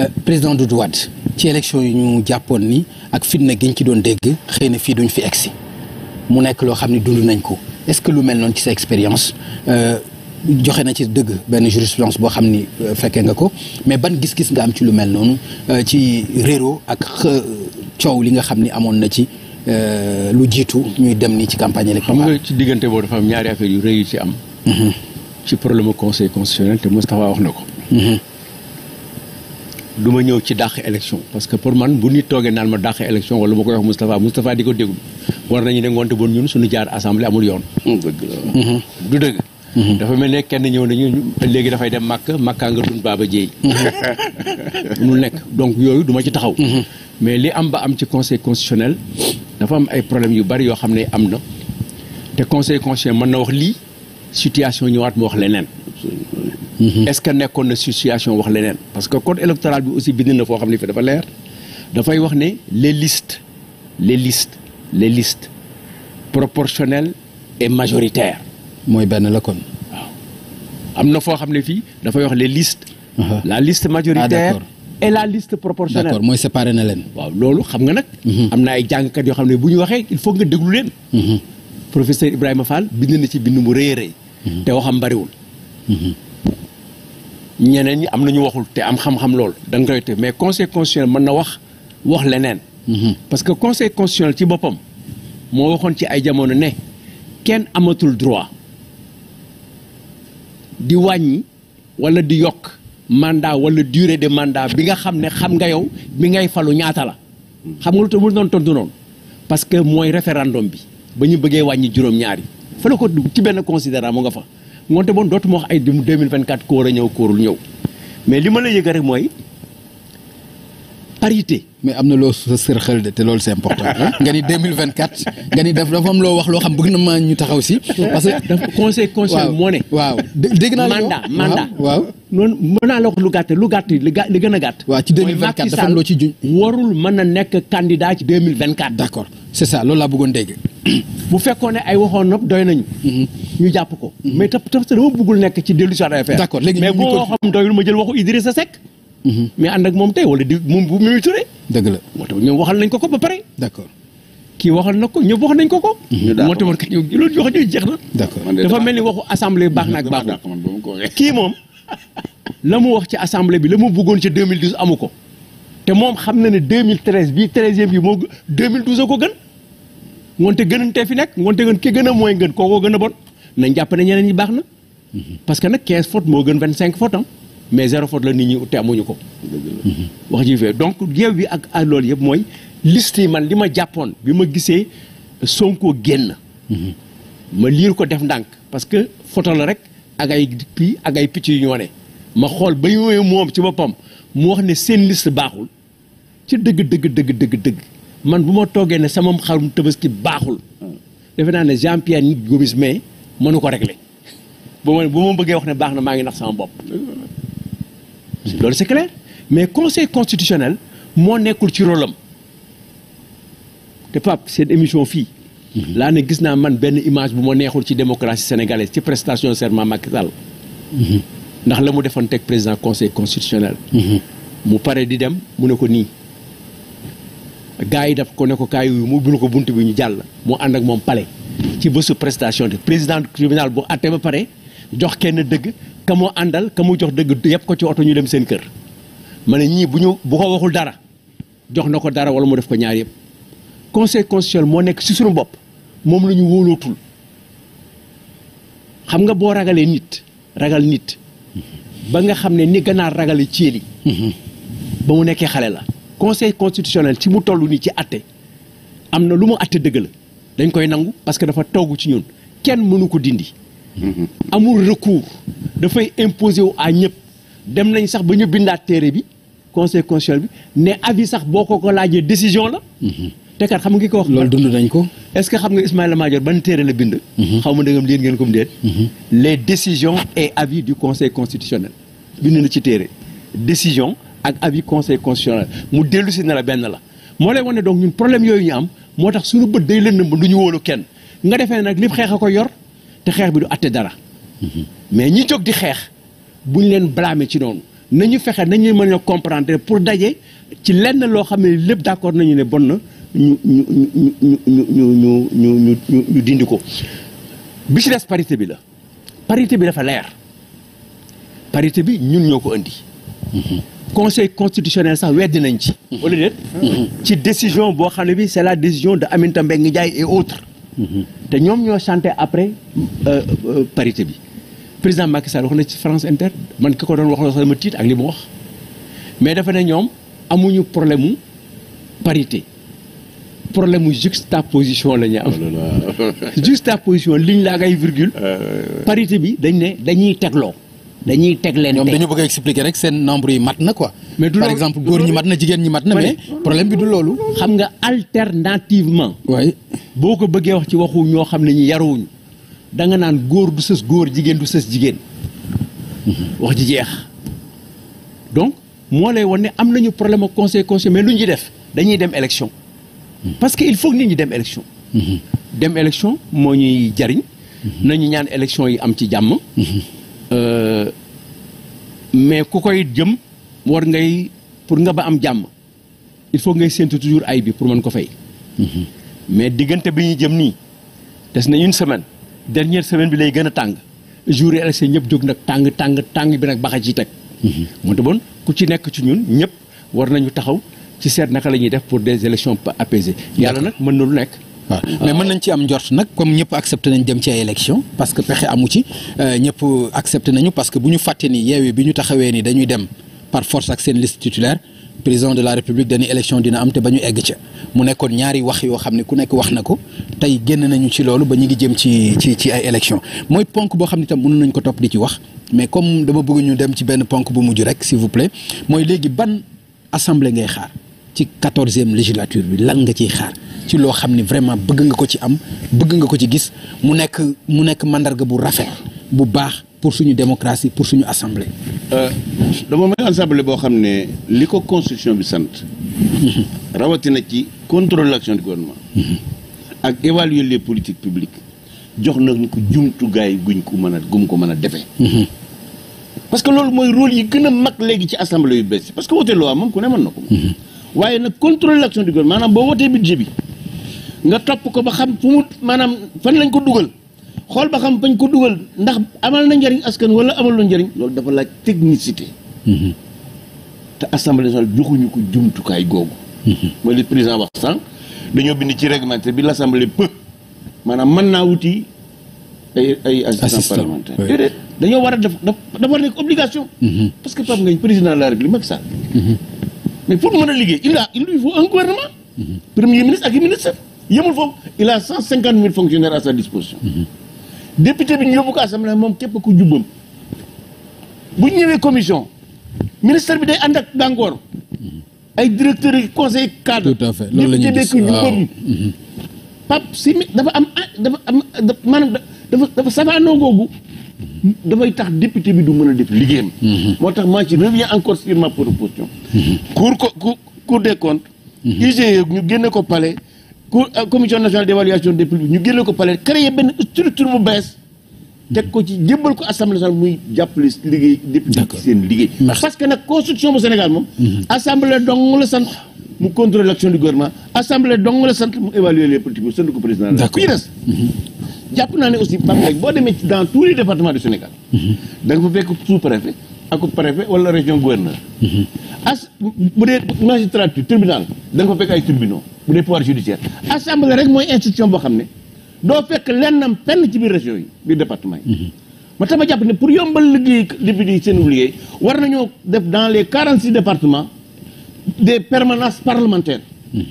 Euh, président Doudou Wade ci élection yi ñu jàppoon ni ak fitna gi ñu ci doon dégg xëy na fii duñ fi egsi mu nekk loo xam ne dund nañ ko est-ce que lu mel noonu ci sa expérience euh, joxe na ci dëgg benn jurisprudence boo xam ni euh, fekkee nga ko mais ban gis-gis nga am ci lu mel noonu ci réero ak coow li nga xam ni amoon na ci lu jiitu ñuy dem ni ci campagne électorale. xam nga ci diggante boo dafa am ñaari affaire yu rëy yu ci am. Mhm. ci problème conseil constitutionnel te Moustapha wax na ko. Mhm. duma ñëw ci dàq élection parce que pour man bu nit toogee naan ma dàq élection wala ma koy wax Moustapha Moustapha di ko déglu war nañu ne ngoonte bon ñun suñu jaar assemblée amul yoon. Mm, mm-hmm. du dëgg. Mm-hmm. dafa mel ne kenn ñëw nañu léegi dafay dem màkk màkkaa nga dund baaba jéey mm-hmm. mu nekk donc yooyu duma ci taxaw mais li am ba am ci conseil constitutionnel dafa am ay problèmes yu bari yoo xam ne am na te conseil constitutionnel mën na wax lii situation ñëwaat mu wax leneen Mm-hmm. est-ce que nekkoon na situation wax leneen parce que code électoral bi aussi bind na foo xam ne dafay wax ne les listes les listes les listes proportionnelles et majoritaires. mooy benn la am na foo xam ne fii dafay wax les listes. Uh-huh. la liste majoritaire. Ah, et la liste proportionnelle. d'accord mooy séparé na leen. waaw loolu xam nga nag. Mm-hmm. am na ay jàngkat yoo xam ne bu ñu waxee il foog nga déglu leen. Mm-hmm. professeur Ibrahima Fall bind na ci bind mu rëy a rëy. te waxam bariwul. ñeneen ñi am na ñu waxul te am xam-xam lool da nga koy te mais conseil constitutionnel mën na wax wax leneen. Mhm. parce que conseil constitutionnel ci boppam moo waxoon ci ay jamono ne kenn amatul droit di wàññi walla di yokk mandat walla dure de mandat bi nga xam ne xam nga yow bi ngay falu ñaata la. xam nga lu tax mu doon tontu noonu parce que mooy référendum bi ba ñu bëggee wàññi juróom-ñaari fa la ko ci benn considérant mu nga fa. moonte bon dootuma wax ay 2024 ku war a ñëw ku warul ñëw mais li ma la yëga rek mooy parité. mais am na loo sa sërxal de te loolu c'est important. nga ni 2024 nga ni dafa am loo wax loo xam bëgg na ma ñu taxaw si. parce que dafa conseil conseil moo ne. waaw dégg naa la mandat mandat waaw. noonu mën naa la wax lu gàtt lu gàtt li gën a gàtt. waaw ci 2024 dafa am loo ci ju warul mën a nekk candidat ci 2024. d'accord. c'est ça loolu laa bëggoon dégg. bu fekkoon ne ay waxoon nopp doy nañu. Mhm. ñu jàpp ko. Mhm. mais te te dama bëggul nekk ci dellu si waat affaire. d'accord léegi mais boo xam ma jël waxu Idrissa Seck. Mhm. mais ànd ak moom tey wala di moom bu moo tax ñoom waxal nañ ko ko ba pare. d'accord kii waxal na ko ñëpp wax ko ko. ñu daal moo tax na. d'accord dafa mel ni waxu assemblée na baax na kii moom la mu wax ci assemblée bi la mu bëggoon ci 2012 amu ko. te moom xam na ne 2013 bii 13e bi moo 2012 a ko gën ngoonte gënantee fi nekk ngoonte gën ki gën mooy gën kookoo gën a bon nañ jàpp ñeneen ñi baax na parce que nag 15 fautes moo gën 25 fautes am mais zéro faute la nit ñi te amuñu ko wax ji fee donc yeew bi ak ak loolu yëpp mooy liste yi man li ma jàppoon bi ma gisee Sonko génn ma liir ko def ndànk parce que photo la rek ak ay pii ak ay picc yu ñoo ne ma xool ba yooyu moom ci boppam mu wax ne seen list baaxul ci dëgg dëgg dëgg dëgg dëgg man bu ma toogee ne sama xarum tabaski baaxul defe naa ne Jean Pierre nit Gomis mais mënu ko régler bu ma bu ma bëggee wax ne baax na maa ngi nax sama bopp loolu c'est clair mais conseil constitutionnel moo nekkul ci rôlam te pap seen émission fii laa ne gis naa man benn image bu ma neexul ci démocratie sénégalaise ci prestation serment Macky Sall ndax la mu defoon teg président conseil constitutionnel mu pare di dem mu ne ko nii gars yi daf ko ne ko kaay yu mu bul ko bunt bi ñu jàll mu ànd ak moom palais ci bésu prestation de président tribunal bu àtte ba pare jox kenn dëgg ka mu àndal ka mu jox dëgg yëpp ko ci oto ñu dem seen kër ma ne ñii bu ñu bu ko waxul dara jox na ko dara wala mu def ko ñaar yëpp conseil constitutionnel moo nekk si sunu bopp moom la ñu wóolootul xam nga boo ragalee nit ragal nit ba nga xam ne ni ganaar ragale ceeli mhm. ba mu nekkee xale la conseil constitutionnel ci mu toll nii ci atte am na lu mu atte dëgg la dañ koy nangu parce que dafa togg ci ñun kenn mënu ko dindi. Mm-hmm. amul recours dafay imposer wu à ñëpp dem nañ sax ba ñu bindaat téere bi conseil constitutionnel bi ne avis sax boo ko ko laajee décision la. Mm-hmm. te kat xam nga ko wax. loolu dund nañ ko. est ce que xam nga Ismaïla Madior ban téere la bind. Mm-hmm. xaw ma dëggam ngeen ko mu déet. les décisions et avis du conseil constitutionnel bind ci téere décision. ak avis conseil constitutionnel mu dellu si ne la benn la moo lay wane donc ñun problème yooyu ñu am moo tax suñu bët day lëndëm du ñu woolu kenn nga defee nag lépp xeex a ko yor te xeex bi du atte dara mais ñi jóg di xeex buñ leen blâmer ci noonu nañu fexe nañu mën a comprendre pour daje ci lenn loo xam ne lépp d'accord nañu ne bon na ñu ñu ñu ñu ñu ñu ñu ñu dindi ko bi ci des parité bi la parité bi dafa leer parité bi ñun ñoo ko indi conseil constitutionnel sax weddi nañ ci. Mhm. Mhm. Mhm. ci décision boo xam ne bi c'est la décision de Aminata Mbengue Ndiaye et autres. te ñoom ñoo chanté après euh, euh, parité bi président Macky Sall wax na ci France Inter man ki ko doon wax la sax ma tiit ak li mu wax mais dafa ñoom amuñu problème mu parité problème mu position la ñu am. Oh juxtaposition ligne laa ngay virgule. Euh, parité bi dañ ne dañuy tegloo. dañuy teg leen ñoom dañu bëgg a expliquer rek seen nombre yi mat na ko mais par exemple góor ñi mat na jigéen ñi mat na mais bi du loolu. xam nga alternativement. waay boo ko bëggee wax ci waxu ñoo xam ne ñu yaruwuñu da nga naan góor du sës góor jigéen du sës jigéen. Mhm. wax ji jeex donc moo lay wan ne am nañu problème ak conseil lu ñu def dañuy dem élection. Mhm. parce que il faut que nit ñi dem élection. Mhm. dem élection moo ñuy jariñ. nañu ñaan élection yi am ci jàmm. Euh, mais ku koy jëm war ngay pour nga ba am jàmm il faut ngay séntu toujours ay bi pour man ko fay. Mhm. mais diggante bi ñuy jëm nii des na une semaine dernière semaine bi lay gën a tàng jour yi élection ñëpp jóg nag tàng tàng tàng bi nag baxa ci teg. Mhm. moo tax bon ku ci nekk ci ñun ñëpp war nañu taxaw ci seet naka la ñuy def pour des élections apaisées. yàlla nag mën na lu nekk. waaw mais mën nañ ci am njort nag comme ñëpp accepté nañ dem ci ay élection parce que pexe amu ci euh, ñëpp accepté nañu parce que bu ñu fàtte ni yeewi bi ñu taxawee ni dañuy dem par force ak seen liste titulaire président de la république dañu élection dina am te ba ñu egg ca mu nekkoon ñaari wax yoo xam ne ku nekk wax na ko tey génn nañu ci loolu ba ñu ngi jëm ci ci ci ay élection mooy ponk boo xam ne tam mën nañ ko topp di ci wax mais comme dama bëgg ñu dem ci benn ponk bu mujj rek s'il vous plaît mooy léegi ban assemblée ngay xaar ci quatorzième législature bi lan nga ciy xaar ci loo xam ne vraiment bëgg nga ko ci am bëgg nga ko ci gis mu nekk mu nekk mandarga bu rafet bu baax pour suñu démocratie pour suñu assemblée. Euh, dama may assemblée boo xam ne li ko constitution bi sant. rawatina ci contrôle l'action du gouvernement. ak évaluer les politiques publiques jox nañu ko jumtukaay guñ ko mën a gum ko mën a defee. parce que loolu mooy rôle yi gën a mag léegi ci assemblée yu bees parce que wote loi moom ku ne mën waaye nag contrôler l'action du gouvernement maanaam boo wootee budget bi nga topp ko ba xam fu mu maanaam fan lañ ko dugal xool ba xam fañ ko dugal ndax amal na njariñ askan wala amal njariñ loolu dafa laaj technicité mhm. te assemblée nationale joxuñu ko jumtukaay googu mhm. mooy li président wax sànq dañoo bind ci réglementaire bi la l'assemblée peu maanaam mën naa wuti ay ay assistant parlementaire déedéet dañoo war a def dafa war nekk obligation mhm. parce que Pape Ngagne président de la li Macky Sall mais pour mu mën a liggéey il a il lui faut un gouvernement. Mhm. premier ministre ak i ministre yemul foofu il a cent cinquante mille fonctionnaires à sa disposition. Mhm. député bi ñu yóbbu ko assemblée moom képp ku jubbam. bu ñu ñëwee commission ministère bi day ànd ak gàngoor mhm. ay directeurs yi conseil cadre. tout à fait loolu la ñuy gis waaw Pape Simi dafa am dafa am maanaam dafa dafa safaanoo googu. dafay tax député bi du mën a def liggéeyam. Mm-hmm. moo tax maa ci reviens encore sur ma proposition. Mm-hmm. cour cour cour des comptes. Mm-hmm. IGE ñu génne ko palais. cour euh, commission nationale d'évaluation des publics ñu génne ko palais créer benn structure mu bees. teg ko ci jébbal ko assemblée nationale muy jàppale liggéey député ko seen liggéey. parce que nag constitution bu Sénégal moom. assemblée dong la sant. mu contrôler l'action du gouvernement. assemblée dong la sant mu évaluer les politiques sant ko président jàpp naa ne aussi Pape boo demee dans tous les départements du Sénégal. da nga fa fekk sous-préfet ak préfet wala région gouverneur. Mhm. as bu dee magistrature tribunal da nga fa fekk ay tribunaux bu dee pouvoir judiciaire. assemblée rek mooy institution boo xam ne doo fekk lennam fenn ci biir région yi biir département yi. Mhm. ma tax ma jàpp ne pour yombal liggéey député yi seen liggéey war na nañoo def dans les quarante six départements des permanences parlementaires. Mhm.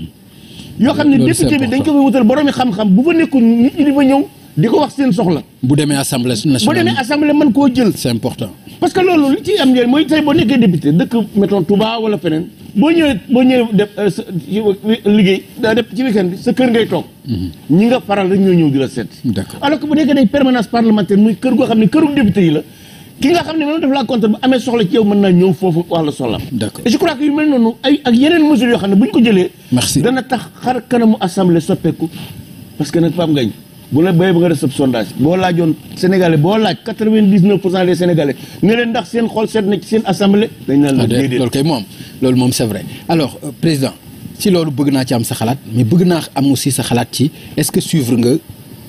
yoo xam ne député bi dañ ko fa wutal boroomi xam bu fa nekkul nit ñi ñëw. di ko wax seen soxla. bu demee assemblée nationale bu demee assemblée mën koo jël. c'est important parce que loolu li ciy am njëriñ mooy tey boo nekkee député dëkk mettons Touba wala feneen boo ñëwee boo ñëwee def euh, liggéey daa def ci weekend bi sa kër ngay toog. Mm-hmm. ñi nga faral rek ñoo ñëw di la seet. d'accord alors que bu nekkee day permanence parlementaire muy kër goo xam ne këru député yi la. ki nga xam ne moom def la compte bu amee soxla ci yow mën naa ñëw foofu wax la soxla. d'accord et je crois que yu mel noonu ay ak yeneen mesures yoo xam ne bu ñu ko jëlee. merci dana tax xar kanamu assemblée soppeeku parce que nag Pape bu la béy ba nga def sab sondage boo laajoon sénégalais boo laaj quatre-vingt-dix-neuf pour cent des ndax seen xol seet na ci seen assemblée. dañ naan la ah, déedéet loolu kay moom loolu moom c'est vrai alors euh, président si loolu bëgg naa ci am sa xalaat mais bëgg naa am aussi sa xalaat ci est-ce que suivre nga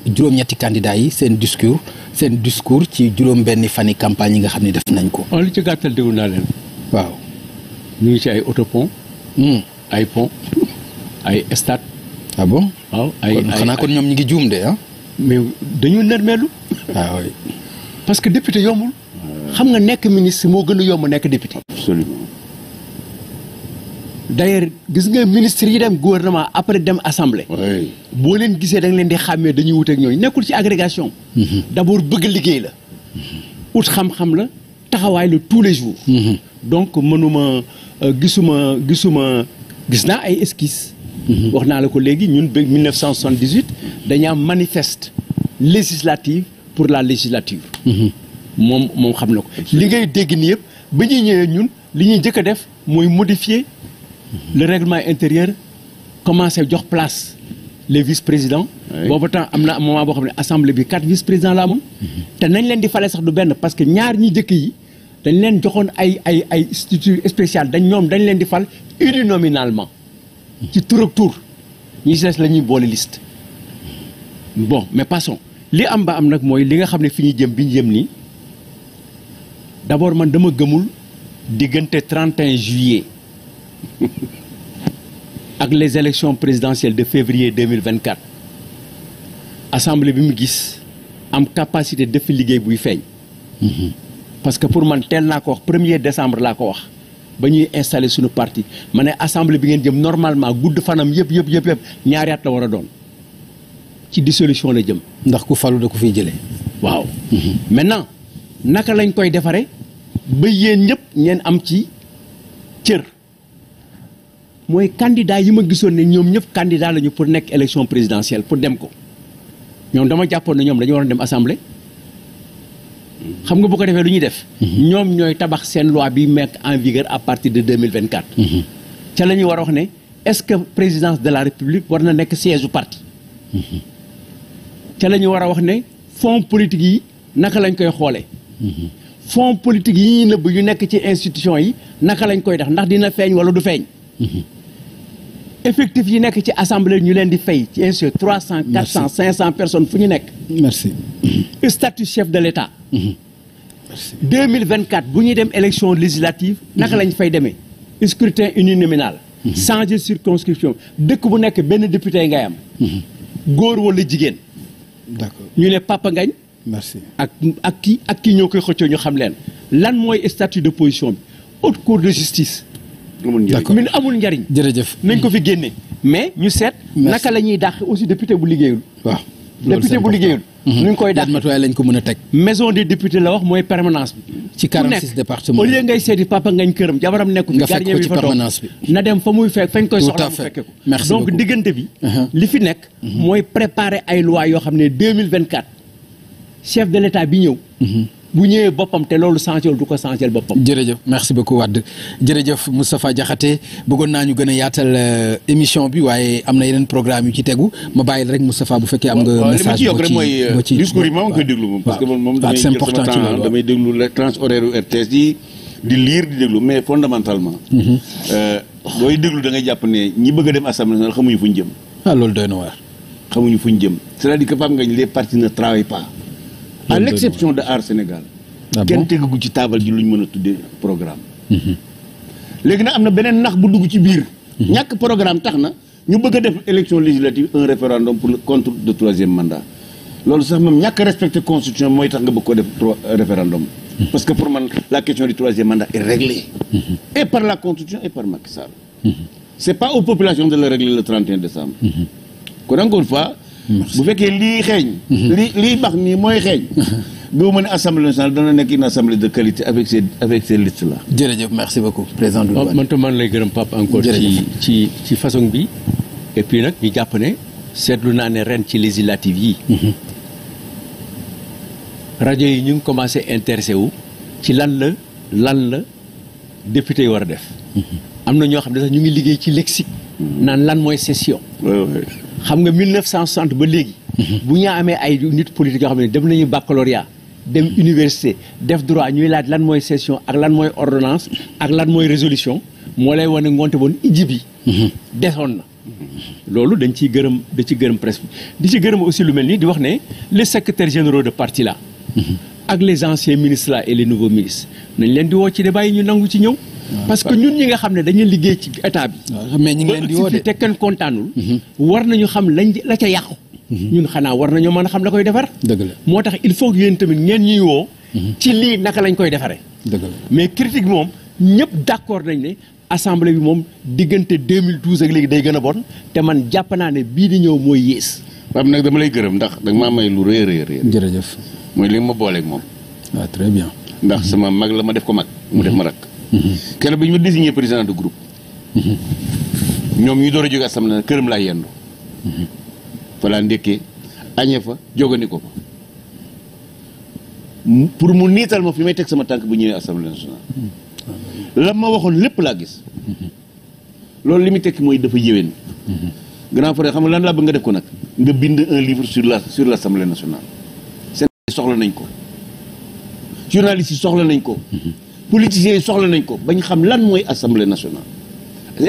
juróom-ñetti candidats yi seen discours seen discours ci juróom-benni fani campagne yi nga xam ne def nañ ko. waaw ah, li ci gàttal déglu naa leen. waaw ñu ngi ci ay autopont. Hmm. ay pont ay stade. ah bon waaw ay xanaa kon ñoom ñu ngi juum de ah. mais dañu nërmeelu ah oui parce que député yombul xam nga nekk ministre moo gën a yomb nekk député absolument d'ailleurs gis nga ministre yi dem gouvernement après dem assemblée boo leen gisee da leen di xàmmee dañuy wuteek ñooñu nekkul ci agrégation mm-hmm. d'abord bëgg liggéey la mm-hmm. ut xam-xam la taxawaay la tous les jours mm-hmm. donc mënuma euh, gisuma gisuma gis naa ay esquisse Mm-hmm. wax naa la ko léegi ñun ba 1978 dañu am manifeste législative pour la législature. Mm-hmm. moom moom xam na ko. li ngay dégg nii yëpp ba ñuy ñëwee ñun li ñuy jëkk a def mooy modifier mm-hmm. le règlement intérieur commencer jox place les vice présidents. boobu temps am na moment boo xam ne assemblée bi quatre vice président la amoon. te nañ leen di fale sax du benn parce que ñaar ñi njëkk yi. dañ leen joxoon ay ay ay institut spécial dañ ñoom dañ leen di fal uninominalement. ci tur ak tur ñi si des la ñuy boole list bon mais passons li am ba am nag mooy li nga xam ne fi ñu jëm bi ñu jëm nii d'abord man dama gëmul diggante 31 juillet ak les élections présidentielles de février 2024 assemblée bi mu gis am capacité def liggéey buy feeñ mm-hmm. parce que pour man teel naa ko wax premier décembre laa ko wax ba ñuy installé suñu parti ma ne assemblée bi ngeen jëm normalement gudd fanam yëpp yëpp yëpp yëpp ñaari la war a doon ci dissolution la jëm. ndax ku falu da ko fiy jëlee. waaw. maintenant naka lañ koy defaree ba yéen ñëpp ngeen am ci cër mooy candidat yi ma gisoon ne ñoom ñëpp candidat lañu pour nekk élection présidentielle pour dem ko ñoom dama jàppoon na ñoom dañu war a dem assemblée. xam nga bu ko defee lu ñuy def. Mhm. ñoom ñooy tabax seen loi bi mettre en vigueur à partir de deux mille vingt quatre. Mhm. ca la ñuy war a wax ne est-ce que présidence de la république war na nekk siège u parti. Mhm. ca la ñu war a wax ne fonds politique yi naka lañ koy xoolee. fonds politique yi ñuy nëbb yu nekk ci institution yi naka lañ koy def ndax dina feeñ wala du feeñ. effectif yi nekk ci assemblée ñu leen di fay ci institut cent 400 cent personnes fu ñu nekk. merci. statut chef de l'État. Mhm. merci 2024 bu ñuy dem élection législative. naka mhm. lañ fay demee. scrutin uninominal. Mhm. changer circonscription dëkk bu nekk benn député ngay am. góor wala jigéen. d'accord ñu ne Papa Ngagne. merci ak ak ki ak ki ñoo koy xëccoo ñu xam leen. lan mooy statut de position bi haute cour de justice. min amul njariñ jërëjëf nañ ko fi génne mais ñu seet naka la ñuy dàq aussi député bu liggéeyul député bu liggéeyul ñu mhm. ngi koy dàq matuwaay lañ ko mën a teg maison des députés la wax mooy permanence bi ci 46 départements au lieu ngay seeti papa ngañ këram jabaram nekku fi gardien bi fa permanence bi na dem fa muy fekk fañ koy soxla mu fekke ko donc diggante bi uh-huh. li fi nekk uh-huh. mooy préparer ay loi yoo xam ne 2024 chef de l'état bi ñëw uh-huh. bu ñëwee boppam te loolu changé du ko changé boppam. jërëjëf merci beaucoup Wade jërëjëf Moustapha Diakhaté bëggoon naa ñu gën a yaatal euh, émission bi waaye am na yeneen programme yu ci tegu ma bàyyi la rek Moustapha bu fekkee am nga. message euh, boo ci mooy discours yi moom koy déglu moom. parce que man moom ah, damay jël sama temps damay déglu les trans horaires yu RTS yi di lire di déglu mais fondamentalement mhm. euh, booy déglu da ngay jàpp ne ñi bëgg a dem assemblée nationale xamuñu fu ñu jëm. ah loolu doy na waar. xamuñu fu ñu jëm. c'est-à-dire que Pape Ngagne les partis ne à l' exception de Aar Sénégal. Ah kenn tegagu ci taabal ji lu ñu mën a tuddee programme. Mhm. léegi nag am na beneen nax bu dugg ci biir. Mhm. ñàkk programme tax na ñu bëgg a def élection législative un référendum pour le contre de troisième mandat loolu sax moom ñàkk respecté constitution mooy tax nga bëgg ko def euh, référendum. Mhm. parce que pour man la question du troisième mandat est réglée. et par la constitution et par Macky Sall. c' est pas aux populations de le régler le 31 décembre. bu fekkee lii xeeñ mhm. lii lii bax nii mooy xeeñ doo mhm. mën assemblée nationale dana nekk une assemblée de qualité avec ces avec la listes là jërëjëf merci beaucoup président Doudou ah, man man lay gërëm Pape encore ci ci ci façon bi et nag ñu jàpp seetlu naa ne ren ci législative yi mhm. rajo yi ñu ngi commencé intéressé wu ci lan la lan la député yi war a def am na ñoo xam ne sax ñu ngi liggéey ci lexique naan lan mooy session xam nga 1960 ba léegi. Mhm. bu ñu amee ay nit politique yoo xam ne dem nañu baccalauréat dem université def droit ñuy laaj lan mooy session ak lan mooy ordonnance ak lan mooy résolution moo lay wane ngoonte woon ijji bi. Mhm. desoon na. loolu dañ ciy gërëm da ci gërëm presse bi di ci gërëm aussi lu mel nii di wax ne les secrétaires généraux de parti la mhm. ak les anciens ministre là et les nouveaux ministres nañ leen di woo ci débat yi ñu nangu ci ñëw. parce que ñun ñi nga xam ne dañu liggéey ci état bi. Ah, mais ñu ngi leen di woo de te kenn kontaanul. Mhm. war nañu xam lañ la ca yàqu. Mhm. ñun xanaa war nañoo mën a xam la koy defar. dëgg moo tax il faut que tamit ngeen ñuy woo. Mhm. ci lii naka lañ koy defaree. dëgg mais critique moom ñëpp d'accord nañ ne. assemblée bi moom diggante 2012 ak léegi day gën a bon te man jàpp naa ne bii di ñëw mooy yées. am nag dama lay gërëm ndax danga maa may lu rëy a rëy. jërëjëf. mooy li ma booleek moom. waaw ah, très ndax sama mag la ma def ko mag. mu def ma rak kenn bi ñu ma désigné président de groupe. ñoom ñu doon a jóge assemblée nag këram laa yendu. fa laa ndékkee añee fa jogani ko fa. pour mu niital ma fi may teg sama tànk bu ñëwee assemblée nationale. lan ma waxoon lépp laa gis. loolu li muy tekki mooy dafa yéwén. grand frère xam nga lan laa bëgg nga def ko nag nga bind un livre sur la sur la assemblée national seen soxla nañ ko. journalistes yi soxla nañ ko. politiciens yi soxla nañ ko ba ñu xam lan mooy assemblée nationale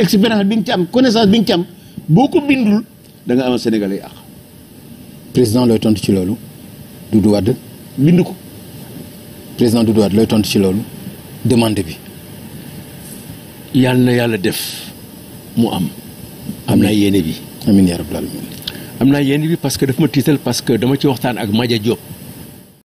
expérience bi nga ci am connaissance bi nga ci boo ko bindul danga am am sénégalais yi président looy tontu ci loolu Doudou Wade bind ko président Doudou Wade looy tontu ci loolu demande bi yàlla na yàlla def mu am am naa yéene bi amiin yaa rabbal aalamiin am naa yéene bi parce que daf ma tiital parce que dama ci waxtaan ak Madia Diop